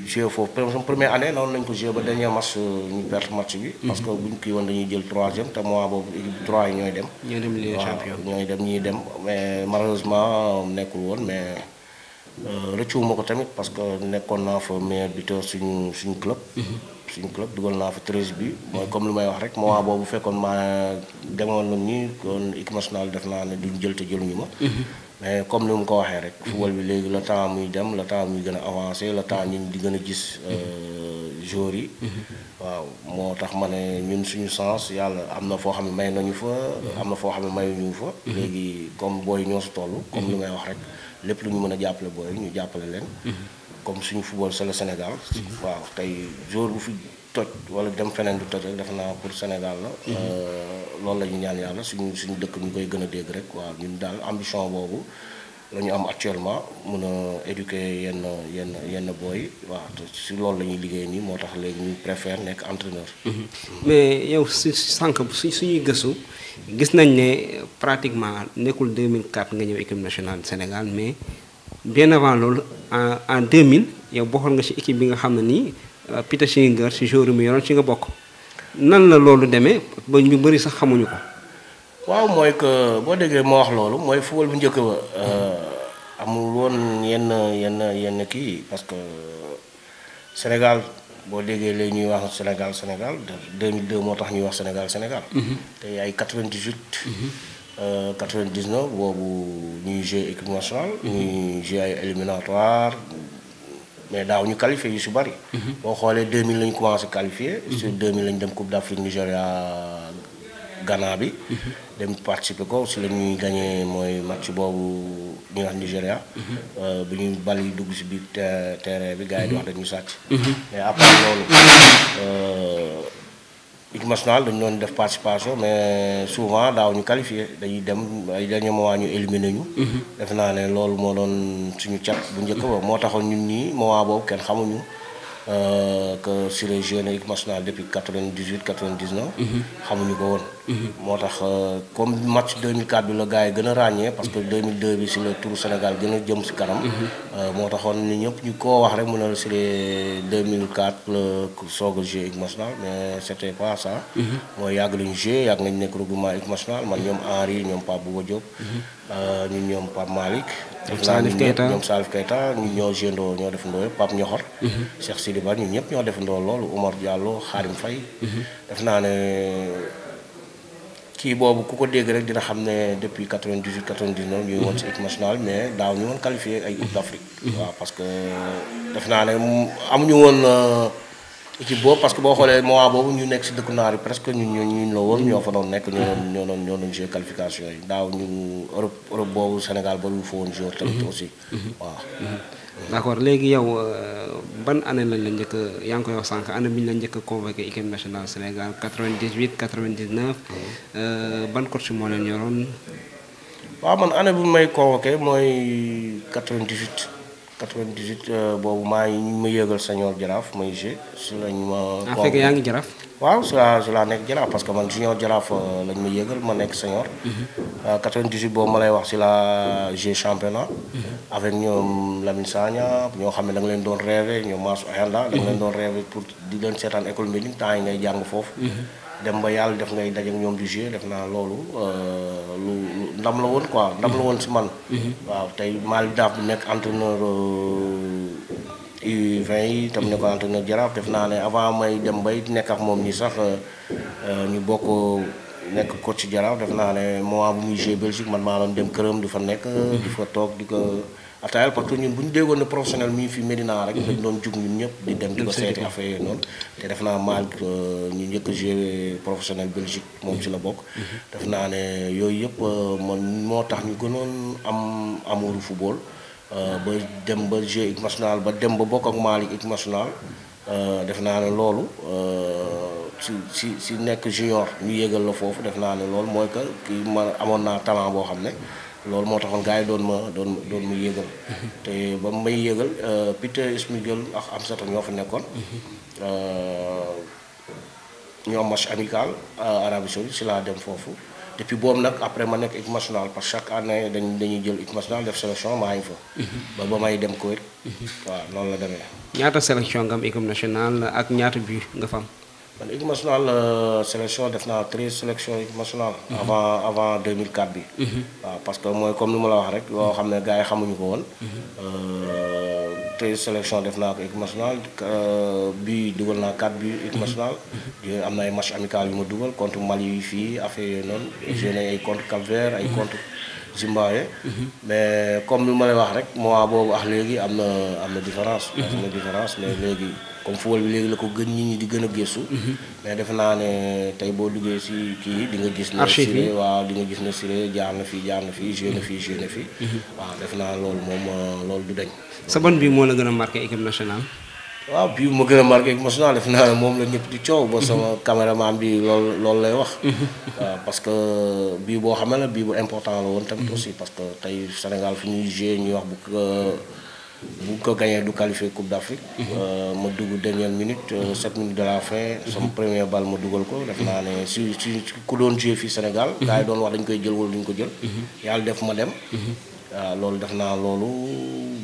joué foofu sama première année noonu lañ ko joué ba dernier match ñu perte match bi. parce que buñ kii woon dañuy jël troisième te mois boobu équipe trois yi ñooy dem. ñooy dem Ligue des dem ñuy dem mais malheureusement nekkul woon mais. Euh, rëccuwuma ko tamit parce que nekkoon naa fa meilleur buteur suñu suñu club. Mhm. suñu club dugal naa fa treize bi mooy comme lu may wax rek moment boobu fekkoon maa demoon na nii kon équipe nationale def naa ne duñ jël te jëluñu ma. Mhm. mais comme ni mu ko waxee rek. Mhm. football bi léegi le temps muy dem le temps muy gën a avancé le temps ñun di gën a gis euh, joueurs yi. waaw moo tax ma ne ñun suñu sens yàlla am na foo xam ne may nañu fa. am na foo xam ne mayuñu fa. léegi comme booy ñoo si toll. comme li may wax rek. lépp lu ñu mën a jàppale booy ñu jàppale leen. comme suñu football c'est le Sénégal. waaw tey jour bu fi toj wala dem feneen du toj rek def naa pour Sénégal la. Euh, loolu la ñu ñaan yàlla suñu suñu dëkk ñu koy gën a dégg rek waaw ñun daal ambition boobu. lañu am actuellement mun a éduquer yenn yenn yenn booy waaw si loolu la ñuy liggéey nii moo tax léegi ñu préfère nekk entraîneur. Mhm. mais yow si sànq si suñuy gëstu gis nañ ne pratiquement nekkul 2004 nga ñëw équipe nationale Sénégal mais bien avant loolu en en 2000 yow bokkoon nga si équipe bi nga xam ne nii euh, Peter Schnittger si jour mi yoroon si nga bokk nan la loolu demee ba ñu bëri sax xamuñu ko. waaw mooy que boo déggee moo wax loolu mooy football bu njëkk ba euh, amul woon yenn yenn yenn kii parce que Sénégal boo déggee léegi ñuy wax Sénégal Sénégal 2002 moo tax ñuy wax Sénégal Sénégal. Mhm. te ay 98. 99 mhm. euh, boobu ñuy joué équipe nationale. Mhm. ñuy joué ay éliminatoire mais daaw ñu qualifié yu su bari. boo xoolee 2000 lañu commencé qualifié. sur 2000 lañu dem Coupe d'Afrique Nigéria. Ghana bi. dem participer ko si la ñuy mooy match boobu ñu wax Nigéria. Euh, bu ñuy bal dugg si biir terrain bi gars yi di wax dañuy sàcc. mais à part loolu. équipe euh, dañu doon def participation mais souvent daaw ñu qualifié dañuy dem ay dernier moment ñu éliminé ñu. Mhm. defe naa ne loolu moo doon suñu cat bu njëkk ba moo taxoon ñun ñii moment boobu kenn xamuñu. Euh, que sur les jeunes équipe nationale depuis 98 99. xamuñu ko woon. moo tax euh, comme match 2004 bi la gars yi gën a ràññee. parce que 2002 bi si la tour Sénégal gën a jëm si kanam. Euh, moo taxoon ñu ñëpp ñu koo wax rek mu ne si les 2004 la soog a joué équipe nationale mais c' était pas ça. mooy yàgg lañu joué yàgg nañu nekk regroupement équipe nationale man ñoom Henri ñoom Pape Bouba Diop. ñun ñoom Pape Malick. ñoom Salif Keita ñoom Salif Keita ñu ñoo jëndoo ñoo defandoo yëpp Pape Ñoxor mhm. Cheikh Sidi Ba ñun ñëpp ñoo defandoo loolu Omar Diallo Xaarim Faye mhm. def naa ne kii boobu ku ko dégg rek dina xam ne depuis 98 99 ñu ngi woon si équipe mais daaw ñu woon qualifié ay Coupe d'Afrique mhm. waaw parce def naa ne amuñu woon euh, équipe boobu parce que boo xoolee moment boobu ñu nekk si dëkku naar yi presque ñun ñoo ñun la woon ñoo fa doon nekk ñoo ñoo doon ñoo qualification yi daaw ñu Europe Europe boobu Sénégal ba ñu fa woon joueur tamit mhm. aussi mhm. waaw mhm. d' léegi yow euh, ban année lañ la njëkk yaa ngi koy wax sànq année bi ñu la njëkk a convoqué équipe nationale Sénégal 98 99 euh, ban coach moo leen yoroon waaw man année bu may convoqué mooy 98 euh, boobu maa ngi ma yëgal senior jaraaf may joué si lañ ma. ah fekk yaa ngi jaraaf. waaw si laa si laa nekk jaraaf parce que man si junior jaraaf euh, lañ ma yëgal ma nekk senior. 98 mhm. euh, boobu ma lay wax si la joué championnat. Mhm. avec ñoom Lamine Sagna ñoo xam ne da leen doon rêvé ñoom Massou Ayanda. da leen doon rêvé pour di leen seetaan école Médine temps yi ngay jàng foofu. Mhm. dem ba yàlla def ngay daje ñoom di jouer def naa loolu euh, lu ndam la woon quoi ndam la woon si man. Mhm. waaw tey Malick Daaf bu nekk entraîneur U20 euh, yi tam ne ko entraîneur def naa ne avant may dem bay nekk ak moom ñi sax euh, ñu bokk nekk coach Jaraaf def naa ne moment bu muy Belgique man maa doon dem këram du fa nekk. Mhm. di fa toog di ko. ataayal parce ñun bu ñu déggoon ne professionnel mi fi Medina rek. dañ doon jug ñun ñëpp di dem di ko seeti affaire yooyu noonu. te def naa euh, ñu njëkk a joué moom ci la bokk. Mhm. naa ne yooyu yëpp euh, man moo tax ñu gënoon am amouru football. Euh, ba dem ba joué équipe nationale ba dem ba bokk ak Mali équipe nationale. def naa ne loolu si si si nekk junior ñu yégal la foofu def naa ne loolu mooy que kii ma amoon naa talent boo xam ne. loolu moo taxoon gars yi doon ma doon ma doon ma yéegal te ba mu may yéegal euh, Peter Schmigel am Amsata ñoo fa nekkoon euh, ñoo match amical euh, Arabie Saoudite si laa dem foofu depuis boobu nag après ma nekk équipe nationale parce que chaque année dañ dañuy jël équipe nationale def sélection maa ngi fa ba ba may dem Koweït mhm. waaw noonu la demee ñaata sélection nga am équipe nationale ak ñaata bii nga fam man équipe nationale euh, sélection def naa treize sélection équipe nationale. Mhm. avant avant 2004 bi. Mhm. waaw parce que mooy comme ni ma la wax rek yoo xam ne gars yi xamuñu ko woon. Mhm. Euh, treize sélection def naa ko équipe nationale euh, bii dugal naa quatre bi équipe nationale. am na ay match amical yu ma dugal contre mal yi fii affaire yooyu noonu. joué ay contre Cap Vert ay contre. Zimbabwe. mais comme ni ma lay wax rek mois boobu ak léegi am na am na différence. am na différence mais léegi. comme football bi léegi la ko gën nit ñi di gën a gëstu. Mhm. mais defe naa ne tey boo duggee si kii di nga gis. archive ne Siré waaw di nga gis ne Siré jaar na fii jaar fi fii joué na fii joué na fii. Mhm. waaw defe naa loolu moom euh, loolu du deñ sa ban bii moo la gën a marqué équipe nationale. waaw bii ma gën a marqué équipe nationale defe naa moom la ñëpp di coow. ba sama mhm. caméraman bi loolu loolu lay wax. parce que euh, bii boo xamee la bii bu important la woon tamit aussi parce que tey Sénégal fi ñuy joué ñuy wax bu. Euh, bu ko gagné du qualifié Coupe d'Afrique. Mhm. Euh, ma dugg dernière minute euh, mhm. sept minutes de la fin. sama mhm. premier bal ma dugal ko def naa ne si si ku doon joué fii Sénégal. gars doon wax dañ koy jël wala duñ ko jël. yàlla def ma dem. waaw ah, loolu def naa loolu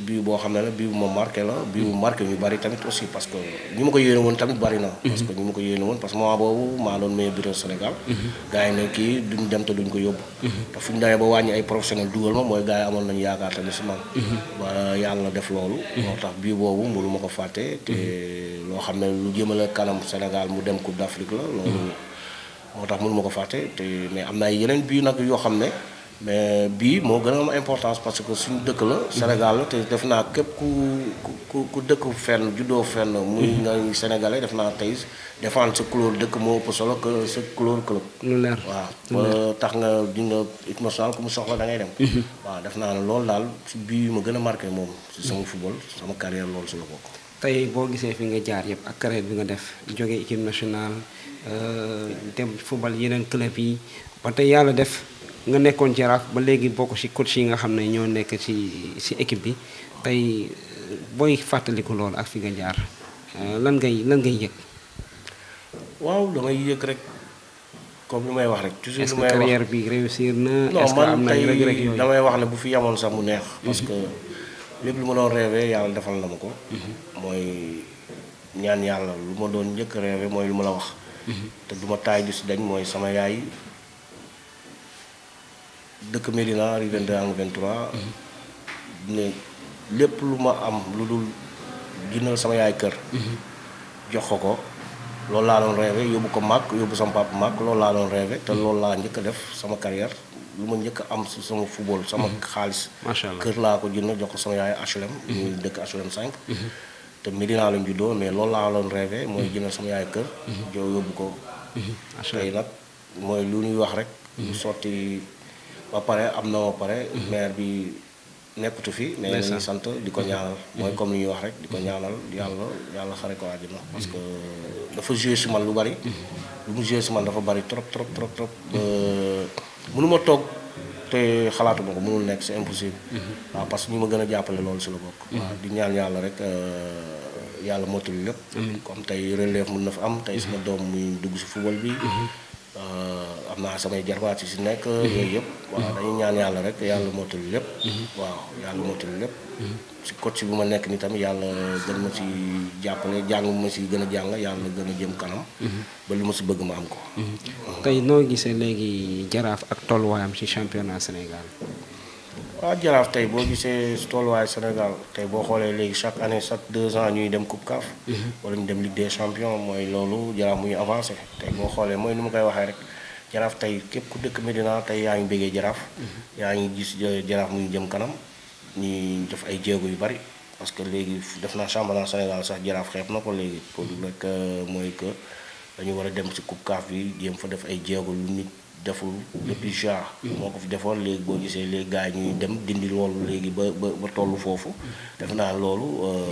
bii boo xam ne la bii bu ma marqué la bii bu marqué ñu bari tamit aussi parce que ñi ma ko yéene woon tamit bari na. Mhm. parce que ma ko yéene woon parce que boobu maa doon meilleur buteur Sénégal. Mhm. gars yi ne kii duñ dem te duñ ko yóbbu. Mhm. te fu ñu demee ba wàññi ay professionnel dugal ma mooy gars yi amoon nañu yaakaar tamit si man. ba yàlla def loolu. moo tax bii boobu mënu ma ko fàtte. te loo xam ne lu jëmale kanam Sénégal mu dem Coupe d'Afrique la. loolu moo tax mënu ma ko fàtte te mais am na yeneen bii nag yoo xam ne. mais bii moo gën a am importance parce que suñu dëkk la Sénégal la te def naa képp ku ku ku dëkk fenn juddoo fenn muy mhm. nga sénégalais def naa tey défendre sa couleur dëkk moo ëpp solo que sa couleur club lu leer waaw tax nga di nga équipe ku mu soxla da ngay mhm. def naa ne loolu daal si bii ma gën a marqué moom si sama football sama carrière loolu si la bokk tey boo gisee fi nga jaar yëpp ak carrière bi nga def jógee équipe nationale euh, dem football yeneen club yi ba tey yàlla def nga nekkoon jaraaf ba léegi bokk ci coach yi nga xam ne ñoo nekk ci ci équipe bi tey booy fàttaliku loolu ak fi nga jaar euh, lan ngay lan ngay yëg. waaw damay ngay yëg rek comme lu may wax rek. toujours lu may wax réussir na. est na rek rek yooyu damay wax ne bu fi yamoon sax mu neex. Mhm. parce que lépp lu ma doon rêvé yàlla defal na ma ko. Mhm. mooy ñaan yàlla lu ma doon njëkk rêvé mooy lu ma la wax. Mhm. te du ma taay gis dañ mooy sama yaay. dëkk Médina rue 22 angle 23. ne lépp lu ma am lu dul jëndal sama yaay kër. jox ko ko loolu laa doon rêvé yóbbu ko màkk yóbbu sama papa màkk lool laa doon rêvé. te loolu laa njëkk def sama carrière lu ma njëkk am si sama football. sama mhm. xaalis. macha kër laa ko jënd jox ko sama yaay HLM. Mhm. muy dëkk HLM 5. Mhm. te Médina lañ juddoo mais loolu laa doon rêvé mooy jëndal sama yaay kër. jox yóbbu ko. macha nag mooy lu ñuy wax rek. sotti. ba pare am na ba pare. maire bi nekkatu fi. mais ñu sant di ko ñaanal. Mhm. mooy comme li ñuy wax rek di ko ñaanal yàlla yàlla xare ko àjjana. parce que dafa joué si man lu bari. Mhm. lu mu joué si man dafa bari trop trop trop trop. mënuma toog te xalaatu ma ko mënul nekk c'est impossible. Mhm. waaw parce que ñu ma gën a jàppale loolu si la bokk. waaw di ñaan yàlla rek. Euh, yàlla motul lépp. comme tey relève mën na fa am tey sama doom muy dugg si football bi. Euh, am naa samay jarbaat yi si nekk. Mhm. yooyu yëpp mhm. waaw dañuy ñaan yàlla rek yàlla mottali lépp. Mhm. waaw yàlla mottali lépp. si coach bi ma nekk ni tamit yàlla gën ma si jàppale jàng ma si gën a jàng yàlla gën a jëm kanam. ba lu ma si bëgg ma am ko. tey noo gisee léegi jaraaf ak tolluwaayam si championnat Sénégal. waaw jaraaf tey boo gisee tolluwaay Sénégal tey boo xoolee léegi chaque année chaque deux ans ñuy dem coupe CAF. Mhm. wala ñu dem Ligue des champions mooy loolu jaraaf muy avancé tey boo xoolee mooy ni ma koy waxee rek. jaraaf tey képp ku dëkk Medina tey yaa ngi bëggee jaraaf. Mhm. yaa ngi gis euh, jaraaf muy jëm kanam ñu def ay jéego yu bari parce que léegi def naa championnat Sénégal sax jaraaf xeeb na ko léegi pour mhm. rek euh, mooy que dañu war a dem ci coupe CAF bi jéem fa def ay jéego lu deful depuis juin moo ko fi defoon léegi boo gisee léegi gaa ñuy dem dindi loolu léegi ba ba ba toll foofu def naa ne loolu euh,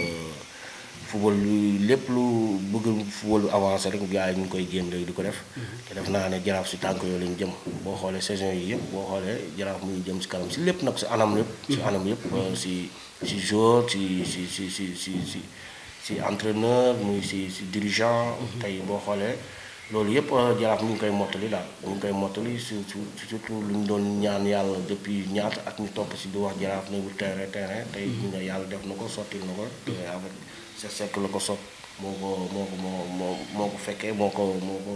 football lu lépp lu bëgg football lu avancé rek gaa yi ñu koy jéem léegi di ko def te def naa ne jaraaf si tànk yooyu lañ jëm boo xoolee saison yi yëpp boo xoolee jaraaf muy jëm si kanam si lépp nag si anam yëpp si anam yëpp euh, si si joueur si si si si si si entraîneur muy si si dirigeant mhm. tey boo xoolee loolu yëpp euh, jaraaf mu ngi koy mottali daal mi ngi koy mottali surtout lu ñu doon ñaan yàlla depuis ñaat ak ñu topp si di wax jaraaf na bu terrain terrain tey mhm. ñu nga yàlla def na ko sottil na ko mhm. avec sa sekk la ko sot moo ko moo ko moo moo moo ko fekkee moo ko moo ko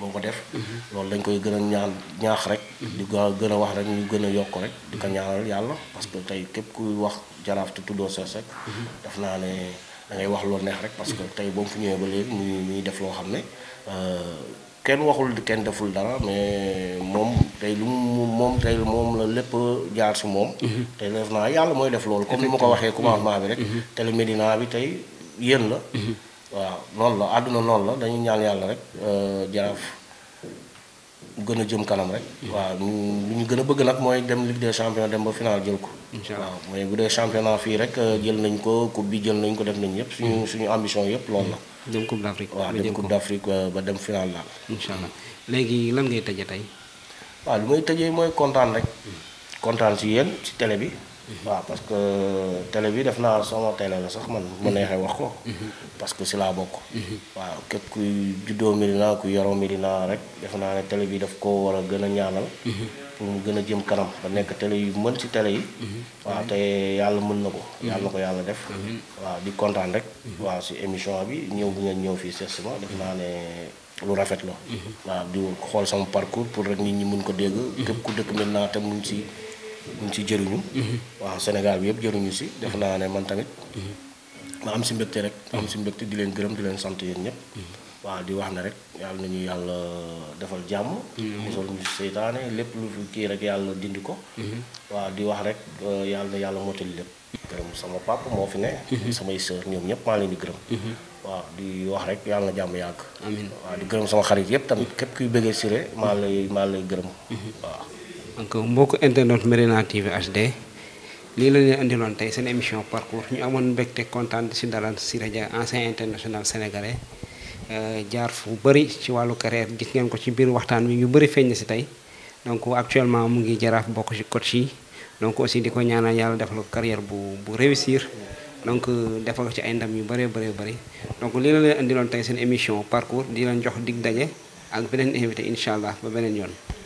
moo ko def mhm. loolu dañ koy gën a ñaan ñaax rek di ko gën a wax rek ñu gën a yokk rek di ko ñaanal yàlla parce que tey képp kuy wax jaraaf te tuddoo sa sekk def naa ne da wax loolu neex rek parce que tey boo fu ñëwee ba léegi muy ñuy def loo xam ne kenn waxul kenn deful dara mais moom tey lu mu moom tey moom la lépp jaar si moom. Mhm. tey def naa yàlla mooy def loolu. comme ni ma ko waxee commandement bi rek. Mhm. Mhm. télé Médina bi tey yéen la. waaw noonu la àdduna noonu la dañuy ñaan yàlla rek euh, jaraaf gën a jëm kanam rek. waaw lu ñu gën a bëgg nag mooy dem Ligue des dem ba final jël ko. waaw mooy bu dee championnat fii rek euh, jël nañ ko coupe bi jël nañ ko def nañ yëpp suñu suñu ambition yëpp loolu na jëm coupe d'Afrique waaw dem coupe d'Afrique ba dem final daal. incha allah léegi lan ngay tëjee tey. waa lu may tëjee mooy kontaan rek. Hmm. kontaan si yéen si télé bi. waaw parce que télé bi def naa soo ma télé la sax man mën na neexee wax ko. parce que si laa bokk. waaw képp kuy juddoo Médina ku yaroo Médina rek def naa ne télé bi daf ko war a gën a ñaanal. pour mu gën a jëm kanam ba nekk télé yu mën ci télé yi. waaw te yàlla mën na ko. yàlla na ko yàlla def. waaw di kontaan rek. waaw si émission bi ñëw bu ngeen ñëw fii seet ma def naa ne. lu rafet la. waaw di xool sama parcours pour rek nit ñi mën ko dégg. képp ku dëkk maintenant te mu ngi ñu ci jëriñu waaw Sénégal bi yëpp jëriñu si def naa ne man tamit ma am si mbégte rek am si mbégte di leen gërëm di leen sant yoon ñëpp waaw di wax ne rek yàlla nañu yàlla defal jàmm musal ñu lépp lu fi yàlla dindi ko waaw di wax rek yàlla na yàlla lépp gërëm sama papa moo fi ne samay sœur ñoom ñëpp maa leen di gërëm waaw di wax rek yàlla na jàmm yàgg amiin waaw di gërëm sama xarit yëpp tamit képp kuy bëggee Siré maa lay maa lay gërëm waaw donc mbokk internet Médina TV HD lii la leen indiloon tey seen émission parcours ñu amoon mbégte kontaan si dalal Siré Dia ancien international sénégalais euh, jaar fu bëri ci wàllu carrière gis ngeen ko ci biir waxtaan wi yu bëri feeñ na si tey donc actuellement mu ngi jaraaf bokk ci coach yi donc aussi di ko ñaanal yàlla defal ko carrière bu bu réussir donc defal ko ci ay ndam yu bëree bëree bëri donc lii la leen indiloon tey seen émission parcours di leen jox dig daje ak beneen invité incha allah ba beneen yoon.